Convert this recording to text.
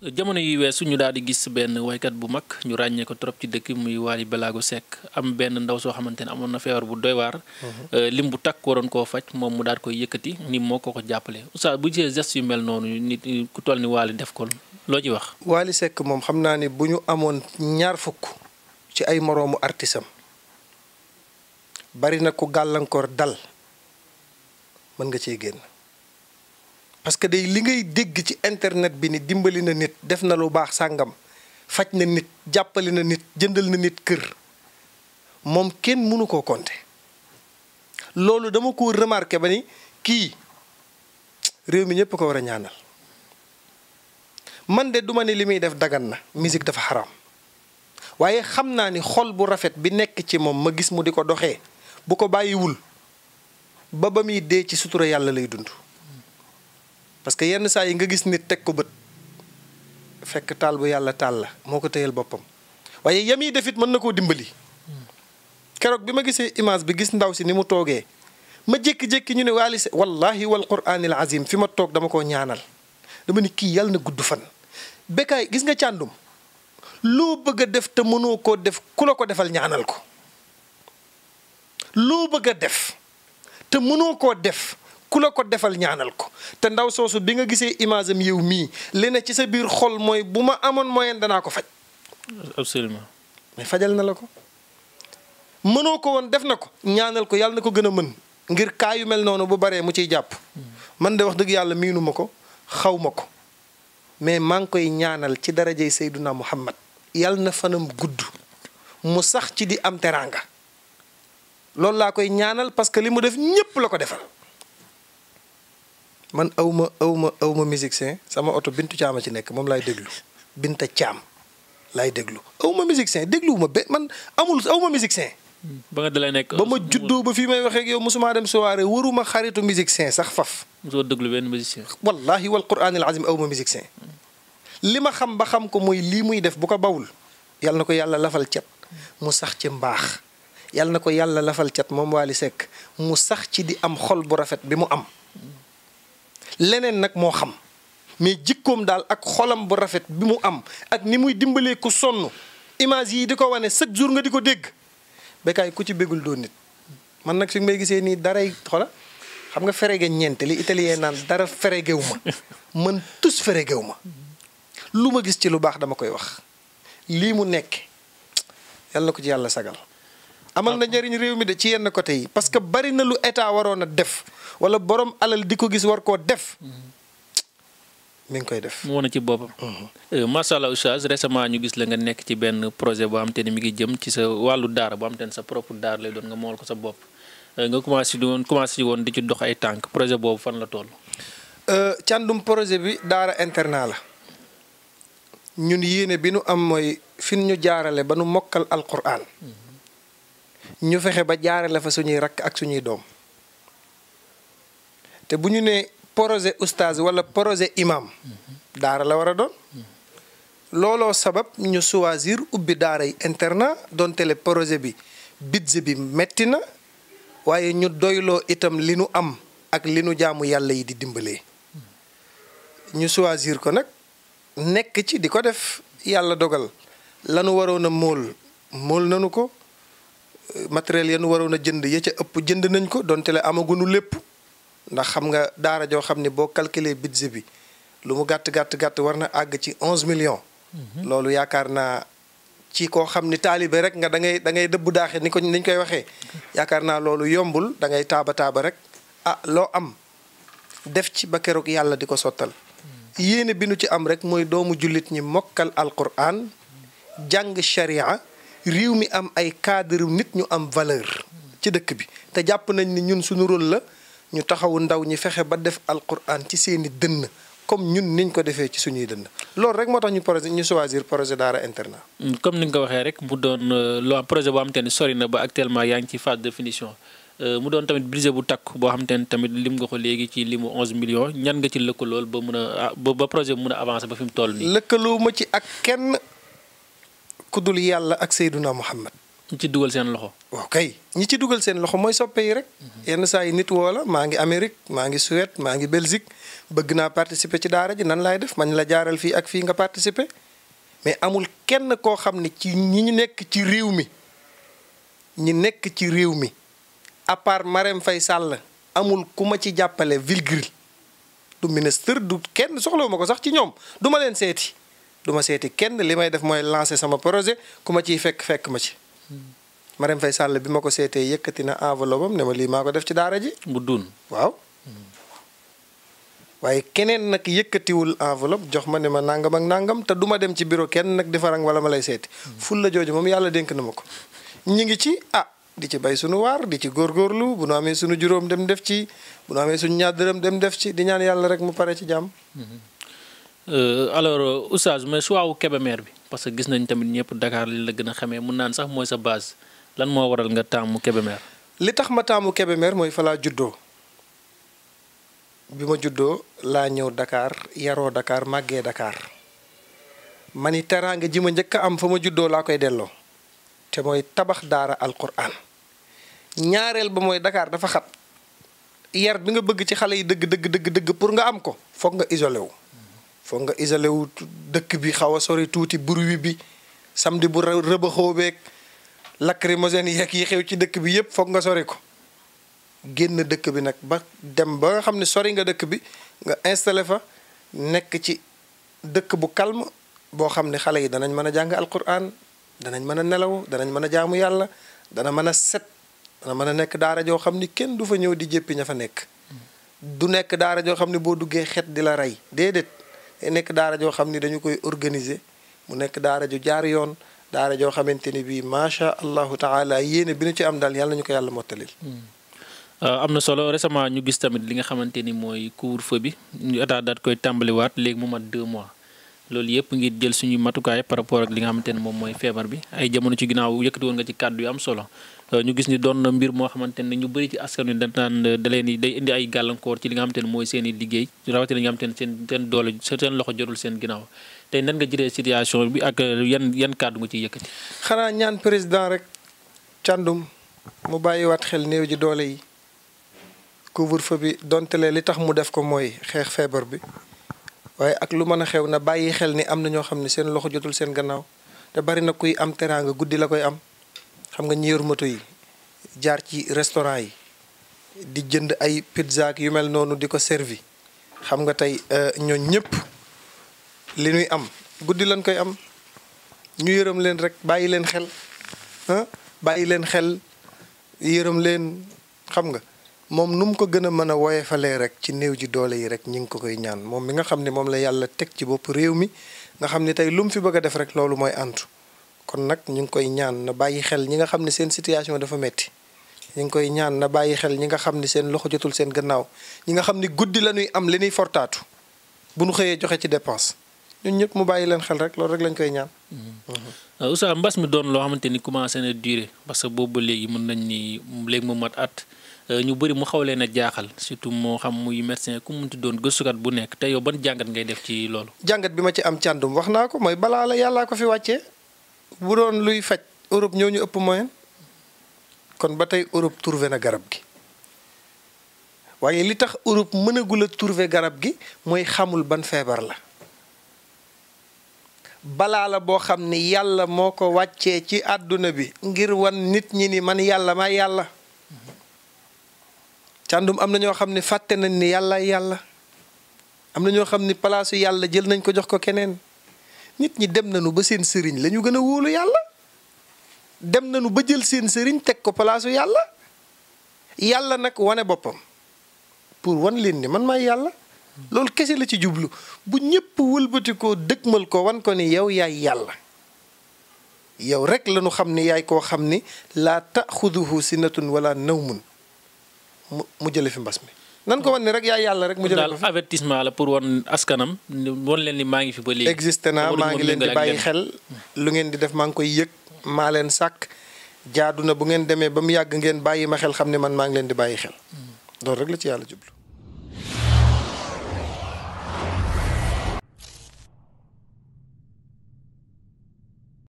jamono yi weesu ñu daal di gis benn waykat bu mag ñu ràññee ko trop ci dëkk muy Waly Balago sekk am benn ndaw soo xamante ne amoon na feebar bu doy waar. Mhm. Euh, lim bu takk waroon koo faj moom mu daal koy yëkkati ni moo ko ko jàppale oustaz bu gisee geste yu mel noonu nit ku toll ni Waly def ko loo ci wax. Waly sekk moom xam naa ne bu ñu amoon ñaar fukk ci ay moroomu artisam bari na ku gàllankoor dal mën nga cee génn. parce que day li ngay dégg ci internet bi ni dimbali na nit def na lu baax sàngam faj na nit jàppale na nit jëndal na nit kër moom kenn mënu ko konte loolu dama ko remarqué ba ni kii réew mi ñëpp ko war a ñaanal man de duma ne li muy def dagan na musique dafa xaraam waaye xam naa ni xol bu rafet bi nekk ci moom ma gis mu di ko doxee bu ko bàyyiwul ba ba muy dee ci sutura yàlla lay dund parce que yenn saa yi nga gis nit teg ko bët fekk taal bu yàlla taal la moo ko téyal boppam waaye yam yi it mën na koo dimbali keroog bi ma gisee image bi gis ndaw si ni mu toogee ma jékki-jékki ñu ne waali se wallahi wal quraanil azim fi ma toog dama koo ñaanal dama ni kii yàlla na gudd fan bekkaay gis nga càndum loo bëgg a def te mënoo koo def ku la ko defal ñaanal ko loo bëgg a def te mënoo koo def ku la ko defal ñaanal ko te ndaw soosu bi nga gisee image am yow mii li ne ci sa biir xol mooy bu ma amoon moyen danaa ko faj. absolument. mais fajal na la ko mënoo ko woon def na ko ñaanal ko yàlla na ko gën a mën ngir kaa yu mel noonu bu baree mu ciy jàpp. Hmm. man de wax dëgg yàlla miinu ma ko xaw ma ko mais maa ngi koy ñaanal ci darajay Seyduna Muhammad yàlla na fanam gudd mu sax ci di am teraanga loolu laa koy ñaanal parce que li mu def ñépp la ko defal. man awma awma awma musicien sama auto Bintu Caam ci nek mom lay déglu Binta cham lay déglu awma musicien dégluwuma ba man amul awma musicien. ba nga dalay nek ba ma juddo ba fi may waxee ak yow musuma dem soirée waruma xaritu musicien sax faf. mosoo déglu ben musicien. wallahi wal qur'an al azim awma musicien. lima xam ba xam ko moy li muy def bu ko bawul yàlla nako yàlla lafal cet mu sax ci mbax yàlla nako yàlla lafal cet mom wali sek mu sax ci di am xol bu rafet bi mu am. leneen nag moo xam mais jikkoom daal ak xolam bu rafet bi mu am ak ni muy dimbalee ku sonn image yi di ko wane chaque jour nga di ko dégg Bécaye ku ci béggul doon nit man nag su may gisee nii daray xola xam nga ferege ñeent li italien naan dara feregewu ma man tous feregewu ma lu ma gis ci lu baax dama koy wax lii mu nekk yàlla ko ci yàlla sagal amal na njëriñ réew mi de ci yenn côté yi parce que bari na lu état waroon a def wala borom alal di ko gis war koo def. mi ngi koy def mu woon ci bopp mm-hmm. euh, macha allah oustaz récemment ñu gis la nga nekk ci benn projet boo xam te mi ngi jëm ci sa wàllu daara boo xam ne sa propre daara lay doon nga mool ko sa bopp euh, nga commencé di woon commencé woon di ci dox ay tànk projet boobu fan la toll. Euh, càndum projet bi daara internat la ñun yéene bi nu am mooy fi nu ñu jaarale ba nu mokkal alquran. Mm-hmm. ñu fexe ba jaare la fa suñuy rakk ak suñuy doom te bu ñu nee projet oustaz wala projet imam daara la war a doon looloo sabab ñu soisir ubbi daara yi internat donte le projet bi budget bi metti na waaye ñu doyloo itam li nu am ak li nu jaamu yàlla yi di dimbalee ñu choisir ko nag nekk ci di ko def yàlla dogal lanu waroon a móol móol nanu ko matériel yenu waroon a jënd ya ca ëpp jënd nañ ko donte la amagunu lépp ndax xam nga daara joo xam ne boo calculer budget bi lu mu gàtt gàtt gàtt war na àgg ci onze millions. Mhm. loolu yaakaar naa ci koo xam ni taalibe rek nga da ngay da ngay dëbbu daaxe ni ko niñ koy waxee. yaakaar naa loolu yombul dangay taaba taaba rek ah loo am def ci ba keroog yàlla di ko sottal. Mhm. yéene bi nu ci am rek mooy doomu jullit ñi mokkal alquran jàng sharia réew mi am ay cadre nit ñu am valeur ci dëkk bi te jàpp nañ ni ñun suñu rôle la ñu taxawu ndaw ñi fexe ba def alquran ci seeni dënn comme ñun niñ ko defee ci suñuy dënd loolu rek moo tax ñu projet ñu choisir projet daara internat. Mm, comme ni nga ko waxee rek mu doon euh, loo am boo xam te ne sori na ba actuellement yaa ngi ci phase de finition euh, mu doon tamit budget bu takk boo xam te ne tamit lim nga ko léegi ci limu 11 millions ñan nga ci lëkkalool ba mun a ah, ba projet bi mën a avancer ba fi mu toll nii. lëkkaloo ci ak kenn ku dul yàlla ak Seyduna Muhammad ñi ci dugal seen loxo. waaw kay ñi ci dugal seen loxo mooy soppe yi rek. Mhm. yenn saa yi nit woo la maa ngi Amérique maa ngi Suède maa ngi Belgique bëgg naa participer ci daara ji nan laay def man la jaaral fii ak fii nga participer mais amul kenn koo xam ne ci ñi ñu nekk ci réew mi ñi nekk ci réew mi à part Marème Faye Sall amul ku ma ci jàppale Vilgril du ministre du kenn soxlawu ma ko sax ci ñoom duma leen seeti. du ma seeti kenn li may def mooy lancer sama projet ku ma ciy fekk fekk ma ci. ma Marème fay sàll bi ma ko seetee yëkkati na enveloppe am ne ma lii maa ko def ci daara ji. bu duun waaw. waaye keneen nag yëkkatiwul enveloppe jox ma ne ma nangam ak nangam te duma dem ci bureau kenn nag di farang wala ma lay seeti. ful la jooju moom yàlla dénk na ma ko. ñu ngi ci ah di ci bay sunu waar di ci góorgóorlu bu nu amee sunu juróom dem def ci bu nu amee sunu ñaar dërëm dem def ci di ñaan yàlla rek mu pare ci jàmm. Euh, alors euh, oustaz mais choix mer bi parce que gis nañ tamit ñepp Dakar li la gëna xamé mu naan sax moy sa base lan mo waral nga kebe mer li tax ma tamu kebe mer moy fala juddo bima juddo la ñew Dakar yaro Dakar magge Dakar mani teranga jima ñëk am fa ma juddoo laa koy dello te moy tabakh dara alquran ñaarel ba moy Dakar dafa xat yar bi nga bëgg ci xalé yi deug deug deug deug pour nga am ko fokk nga isolé wu. foog nga isolé wu dëkk bi xaw a sori tuuti bruit bi samedi bu rëbaxoo beeg lacrymogène yeeg yi xew ci dëkk bi yëpp foog nga sori ko génn dëkk bi nag ba dem ba nga xam ne sori nga dëkk bi nga installé fa nekk ci dëkk bu calme boo xam ne xale yi danañ mën a jàng alquran danañ mën a nelaw danañ mën a jaamu yàlla dana mën a set dana mën a nekk daara joo xam ni kenn du fa ñëw di jéppi ña fa nekk mm. du nekk daara joo xam ne boo duggee xet di la rey déedéet nekk daara joo xam ni dañu koy organiser mu nekk daara ju jaar yoon daara joo xamante ni bii macha allahu taala yéene bi nu ci am daal yàlla ñu ko yàlla mottalil. Euh, am na solo récemment ñu gis tamit li nga xamante ni mooy couvre-feu bi ñu état daat koy tàmbaliwaat léegi mu mat deux mois. loolu yep ngir jël suñu matukaay par rapport ak li nga xamantene mom moy mooy bi ay jamono ci ginaaw yëkkati won nga ci cadeau yu am solo euh, ñu gis ni doon na mbir mo xamantene ñu bari ci askanu da tan euh, da leen day indi ay gàllankoor ci li nga xamantene moy seen i liggéey rawati nga xamantene seen seen doole seen loxo jorul seen ginaaw tay nan nga jëlee situation bi ak euh, yan yan cadeau nga ci yëkkati. xana ñaan président rek càndum mu wat xel neew ji doole yi couvre-feu bi donte li tax mu def ko moy xex feebar bi. waaye ak lu mën a xew na bàyyi xel ni am na ñoo xam ne seen loxo jotul seen gannaaw te bari na kuy am teraanga guddi la koy am xam nga ñi yor moto jaar ci restaurant yi di jënd ay pizza yu mel noonu di ko servi xam nga tey euh, ñooñ ñëpp li ñuy am guddi lañ koy am ñu yërëm leen rek bàyyi leen xel bàyyi leen xel yërëm leen xam nga moom num ko gëna mëna woyé a rek ci néw ji doolé yi rek ñing ko koy ñaan moom mi nga xam mom moom la yalla tek ci bop réew mi nga xam tay tey lu mu fi bëgg def rek loolu moy antu kon nak ñing koy ñaan na bayyi xel ñi nga xam seen situation dafa metti ñing koy ñaan na bayyi xel ñi nga xam seen loxo jotul seen gannaaw ñi nga xam guddi la ñuy am li ñuy fortatu bu ñu xëyee joxé ci dépense ñun ñëpp mu bayyi leen xel rek loolu rek lañ koy ñaan. Mm-hmm. Uh, Oustaz mbass mi doon lo xamanteni ni commencé na durer parce que bobu légui mën nañ ni légui mu mat at. Euh, ñu bëri mu xaw leen a jaaxal surtout moo xam muy médecin ku munti doon gëstukat bu nekk te yow ban jàngat ngay def ci loolu. jàngat bi ci am càndum wax ko mooy balaa la yàllaa ko fi wàccee bu doon luy faj Europe ñoo ñu ëpp moyen kon ba tey Europe trouvé na garab gi waaye li tax Europe mënagul a trouvé garab gi mooy xamul ban feebar la. balaa la boo xam ni yàlla moo ko wàccee ci àdduna bi ngir wan nit ñi ni man yàlla maa yàlla càndum am na ñoo xam ne fàtte nañ ni yàllaay yàlla am na ñoo xam ni palaasu yàlla jël nañ ko jox ko keneen nit ñi dem nañu ba seen sëriñ la ñu gën a wóolu yàlla dem nañu ba jël seen sëriñ teg ko palaasu yàlla yàlla nag wane boppam pour wan leen ni man maay yàlla loolu kese la ci jublu bu ñëpp wëlbati ko dëgmal ko wan ko ni yow yaay yàlla yow rek la xam ni yaay koo xam ni laata laa si sinatun wala nawmun mu mu jëlee fi mbas mi. nan ko wan ne rek yaay yàlla rek mu jëlee ko fi daal avertissement la pour wan askanam wan leen ni maa ngi fi ba léegi. existé naa maa ngi leen di bàyyi xel lu ngeen di def maa ngi koy yëg maa leen sàkk jaadu na bu ngeen demee ba mu yàgg ngeen bàyyi ma xel xam ne man maa ngi leen di bàyyi xel mm. loolu rek la ci yàlla jublu.